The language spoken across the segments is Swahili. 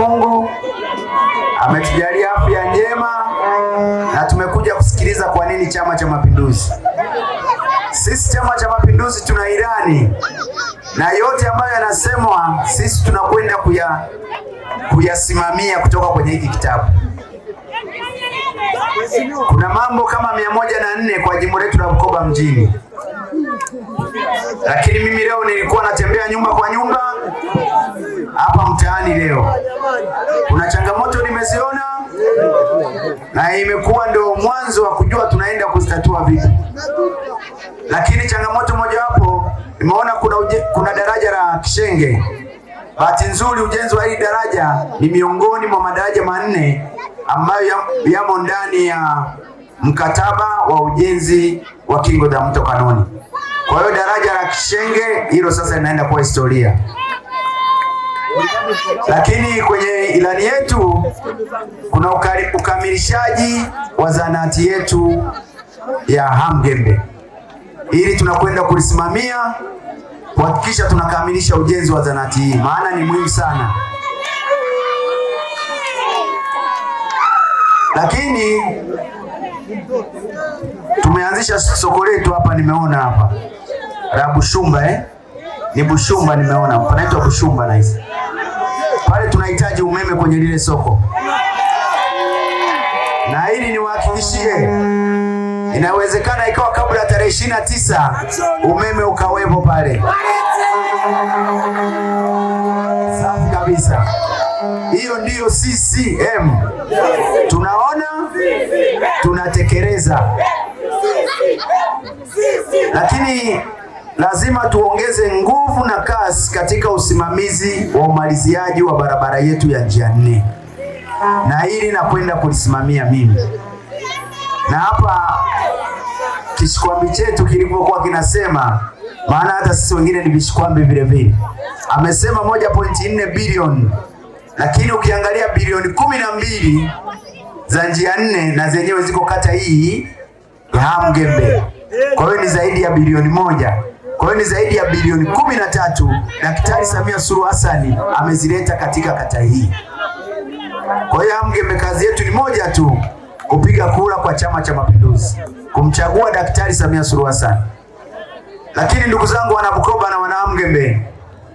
Mungu ametujalia afya njema na tumekuja kusikiliza kwa nini Chama cha Mapinduzi. Sisi Chama cha Mapinduzi tuna irani na yote ambayo yanasemwa sisi tunakwenda kuya kuyasimamia kutoka kwenye hiki kitabu. Kuna mambo kama mia moja na nne kwa jimbo letu la Bukoba mjini lakini mimi leo nilikuwa natembea nyumba kwa nyumba hapa mtaani. Leo kuna changamoto nimeziona, na imekuwa ndio mwanzo wa kujua tunaenda kuzitatua vipi. Lakini changamoto mojawapo nimeona kuna, kuna daraja la Kishenge. Bahati nzuri ujenzi wa hili daraja ni miongoni mwa madaraja manne ambayo yamo ndani ya mkataba wa ujenzi wa kingo za mto Kanoni. Kwa hiyo daraja la Kishenge hilo sasa linaenda kuwa historia, lakini kwenye ilani yetu kuna ukamilishaji wa zanati yetu ya Hamgembe. Ili tunakwenda kulisimamia kuhakikisha tunakamilisha ujenzi wa zanati hii, maana ni muhimu sana. Lakini tumeanzisha soko letu hapa, nimeona hapa la Bushumba eh? Ni Bushumba nimeona. Panaitwa Bushumba na hizi. Pale tunahitaji umeme kwenye lile soko. Na hili niwahakikishie. Inawezekana ikawa kabla tarehe 29 umeme ukawepo pale. Safi kabisa. Hiyo ndiyo CCM. Tunaona, tunatekeleza. Lakini lazima tuongeze nguvu na kasi katika usimamizi wa umaliziaji wa barabara yetu ya njia nne, na hili nakwenda kulisimamia mimi. Na hapa kishikwambi chetu kilivyokuwa kinasema, maana hata sisi wengine ni vishikwambi vile vile, amesema 1.4 bilioni, lakini ukiangalia bilioni kumi na mbili za njia nne na zenyewe ziko kata hii ya Hamgembe, kwa hiyo ni zaidi ya bilioni moja. Kwa hiyo ni zaidi ya bilioni kumi na tatu Daktari Samia Suluhu Hassan amezileta katika kata hii. Kwa hiyo AMGEME kazi yetu ni moja tu, kupiga kura kwa Chama cha Mapinduzi, kumchagua Daktari Samia Suluhu Hassan. Lakini ndugu zangu wana na wana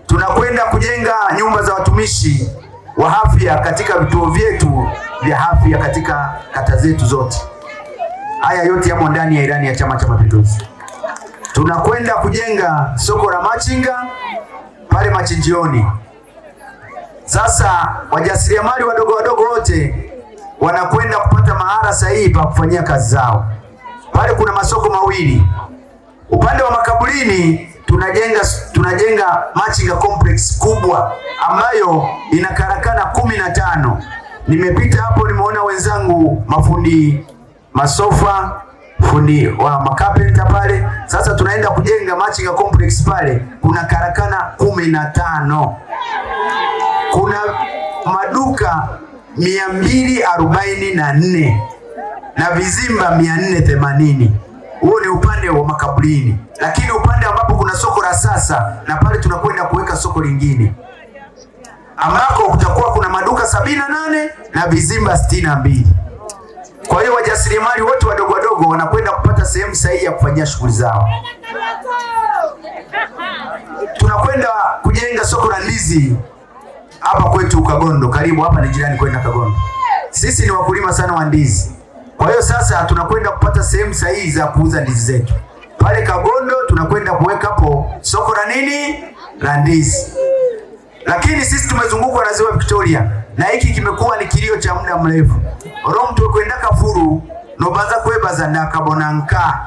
tunakwenda kujenga nyumba za watumishi wa afya katika vituo vyetu vya afya katika kata zetu zote. Haya yote yamo ndani ya ilani ya Chama cha Mapinduzi. Tunakwenda kujenga soko la machinga pale machinjioni. Sasa wajasiriamali wadogo wadogo wote wanakwenda kupata mahala sahihi pa kufanyia kazi zao. Pale kuna masoko mawili. Upande wa makaburini tunajenga tunajenga machinga complex kubwa ambayo ina karakana kumi na tano. Nimepita hapo, nimeona wenzangu mafundi masofa fundi wa makapenta pale. Sasa tunaenda kujenga machinga complex pale, kuna karakana kumi na tano, kuna maduka mia mbili arobaini na nne na vizimba mia nne themanini. Huo ni upande wa makaburini, lakini upande ambapo kuna soko la sasa na pale tunakwenda kuweka soko lingine ambako kutakuwa kuna maduka sabini na nane na vizimba sitini na mbili. Kwa hiyo wajasiriamali wote wadogo wadogo wanakwenda kupata sehemu sahihi ya kufanyia shughuli zao. Tunakwenda kujenga soko la ndizi hapa kwetu Kagondo, karibu hapa ni jirani kwenda Kagondo. Sisi ni wakulima sana wa ndizi, kwa hiyo sasa tunakwenda kupata sehemu sahihi za kuuza ndizi zetu pale Kagondo. Tunakwenda kuweka hapo soko la nini, la ndizi. Lakini sisi tumezungukwa na ziwa Victoria na hiki kimekuwa ni kilio cha muda mrefu. Olwomuntu ekwenda Kafulu nobaza kwebaza nka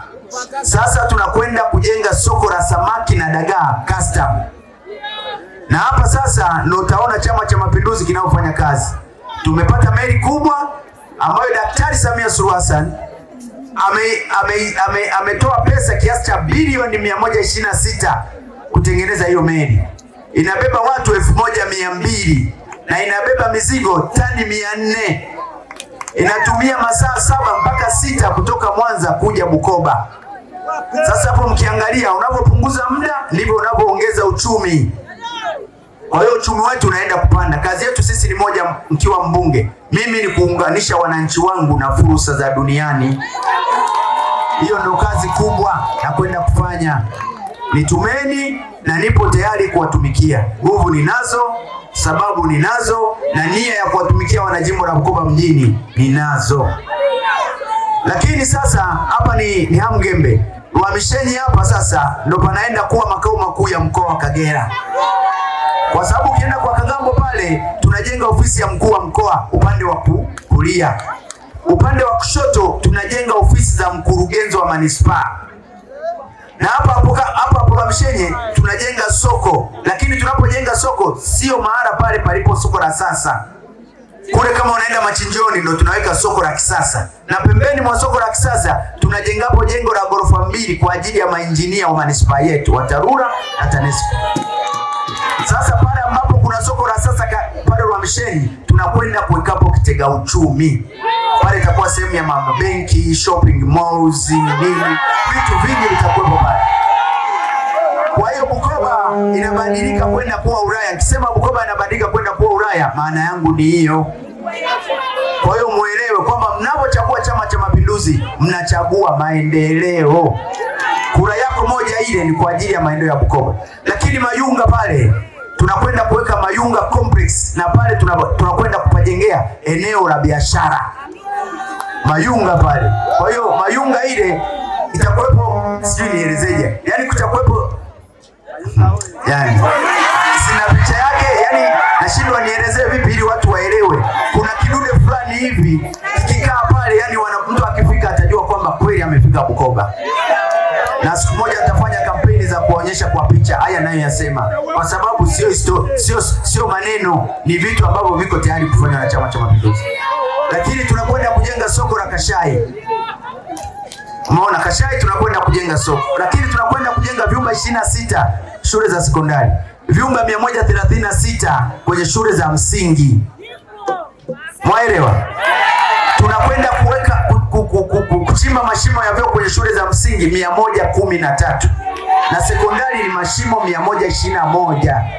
Sasa tunakwenda kujenga soko la samaki na dagaa custom, na hapa sasa ndo utaona Chama cha Mapinduzi kinayofanya kazi. Tumepata meli kubwa ambayo Daktari Samia Suluhu Hassan ametoa ame, ame, ame pesa kiasi cha bilioni sita kutengeneza hiyo meli. Inabeba watu 1200 na inabeba mizigo tani 400 inatumia masaa saba mpaka sita kutoka Mwanza kuja Bukoba. Sasa hapo mkiangalia, unapopunguza muda ndivyo unapoongeza uchumi. Kwa hiyo uchumi wetu unaenda kupanda. Kazi yetu sisi ni moja, mkiwa mbunge, mimi ni kuunganisha wananchi wangu na fursa za duniani. Hiyo ndio kazi kubwa na kwenda kufanya nitumeni na nipo tayari kuwatumikia. Nguvu ninazo, sababu ninazo, na nia ya kuwatumikia wanajimbo la Bukoba mjini ninazo. Lakini sasa hapa ni, ni Hamgembe, uhamisheni hapa sasa ndo panaenda kuwa makao makuu ya mkoa wa Kagera, kwa sababu ukienda kwa Kagambo pale tunajenga ofisi ya mkuu wa mkoa upande wa kulia, upande wa kushoto tunajenga ofisi za mkurugenzi wa manispaa na hapa hapa hapo Kamshenye tunajenga soko, lakini tunapojenga soko sio mahala pale palipo soko la sasa. Kule kama unaenda machinjoni ndo tunaweka soko la kisasa, na pembeni mwa soko la kisasa tunajengapo jengo la ghorofa mbili kwa ajili ya mainjinia wa manispaa yetu wa TARURA na TANESCO. Sasa pale ambapo kuna soko la sasa pale Kamshenye tunakwenda kuwekapo kitega uchumi pale sehemu ya mabenki, shopping malls, nini, vitu vingi vitakuwepo pale. Kwa hiyo Bukoba inabadilika kwenda kuwa Ulaya. Nikisema Bukoba inabadilika kwenda kuwa Ulaya, maana yangu ni hiyo. Kwa hiyo muelewe kwamba mnapochagua Chama cha Mapinduzi mnachagua maendeleo. Kura yako moja ile ni kwa ajili ya maendeleo ya Bukoba, lakini Mayunga pale tunakwenda kuweka Mayunga complex na pale tunakwenda kupajengea eneo la biashara. Mayunga pale. Kwa hiyo Mayunga ile itakuwepo, sijui nielezeje, yaani kutakuwepo, yaani sina picha yake, yani nashindwa nielezee vipi ili watu waelewe. Kuna kidude fulani hivi kikikaa pale, yani wana mtu akifika atajua kwamba kweli amefika Bukoba na siku moja atafanya kampeni za kuonyesha kwa picha haya nayo yasema, kwa sababu sio sio sio maneno, ni vitu ambavyo viko tayari kufanywa na Chama cha Mapinduzi lakini tunakwenda kujenga soko la Kashai. Umeona, Kashai tunakwenda kujenga soko, lakini tunakwenda kujenga vyumba 26 shule za sekondari, vyumba 136 kwenye shule za msingi. Mwaelewa? Tunakwenda kuweka kuchimba mashimo ya vyoo kwenye shule za msingi 113 na sekondari ni mashimo 121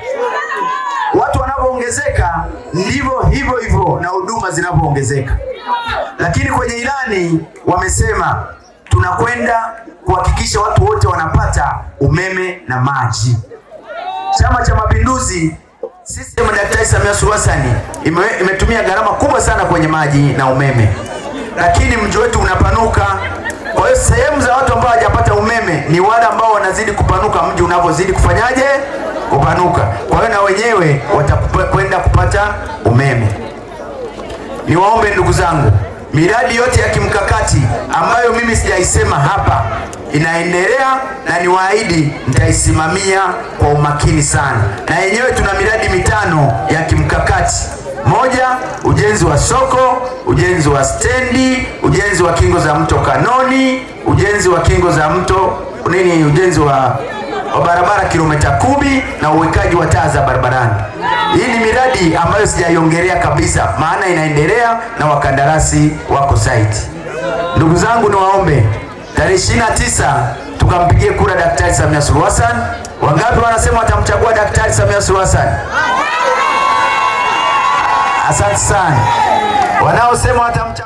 vinavyoongezeka ndivyo hivyo hivyo na huduma zinavyoongezeka. Lakini kwenye ilani wamesema tunakwenda kuhakikisha watu wote wanapata umeme na maji. Chama cha Mapinduzi, CCM Daktari Samia Suluhu Hassan imetumia gharama kubwa sana kwenye maji na umeme, lakini mji wetu unapanuka. Kwa hiyo sehemu za watu ambao hawajapata umeme ni wale ambao wanazidi kupanuka mji unavyozidi kufanyaje kupanuka, kwa hiyo na wenyewe watakwenda kupata umeme. Niwaombe ndugu zangu, miradi yote ya kimkakati ambayo mimi sijaisema hapa inaendelea na niwaahidi nitaisimamia kwa umakini sana. Na yenyewe tuna miradi mitano ya kimkakati: moja, ujenzi wa soko, ujenzi wa stendi, ujenzi wa kingo za mto Kanoni, ujenzi wa kingo za mto nini, ujenzi wa wa barabara kilomita kumi na uwekaji wa taa za barabarani. Hii ni miradi ambayo sijaiongelea kabisa, maana inaendelea na wakandarasi wako site. Ndugu zangu, niwaombe tarehe 29 tukampigie kura Daktari Samia Suluhu Hassan. Wangapi wanasema watamchagua Daktari Samia Suluhu Hassan? Asante sana wanaosema watamchagua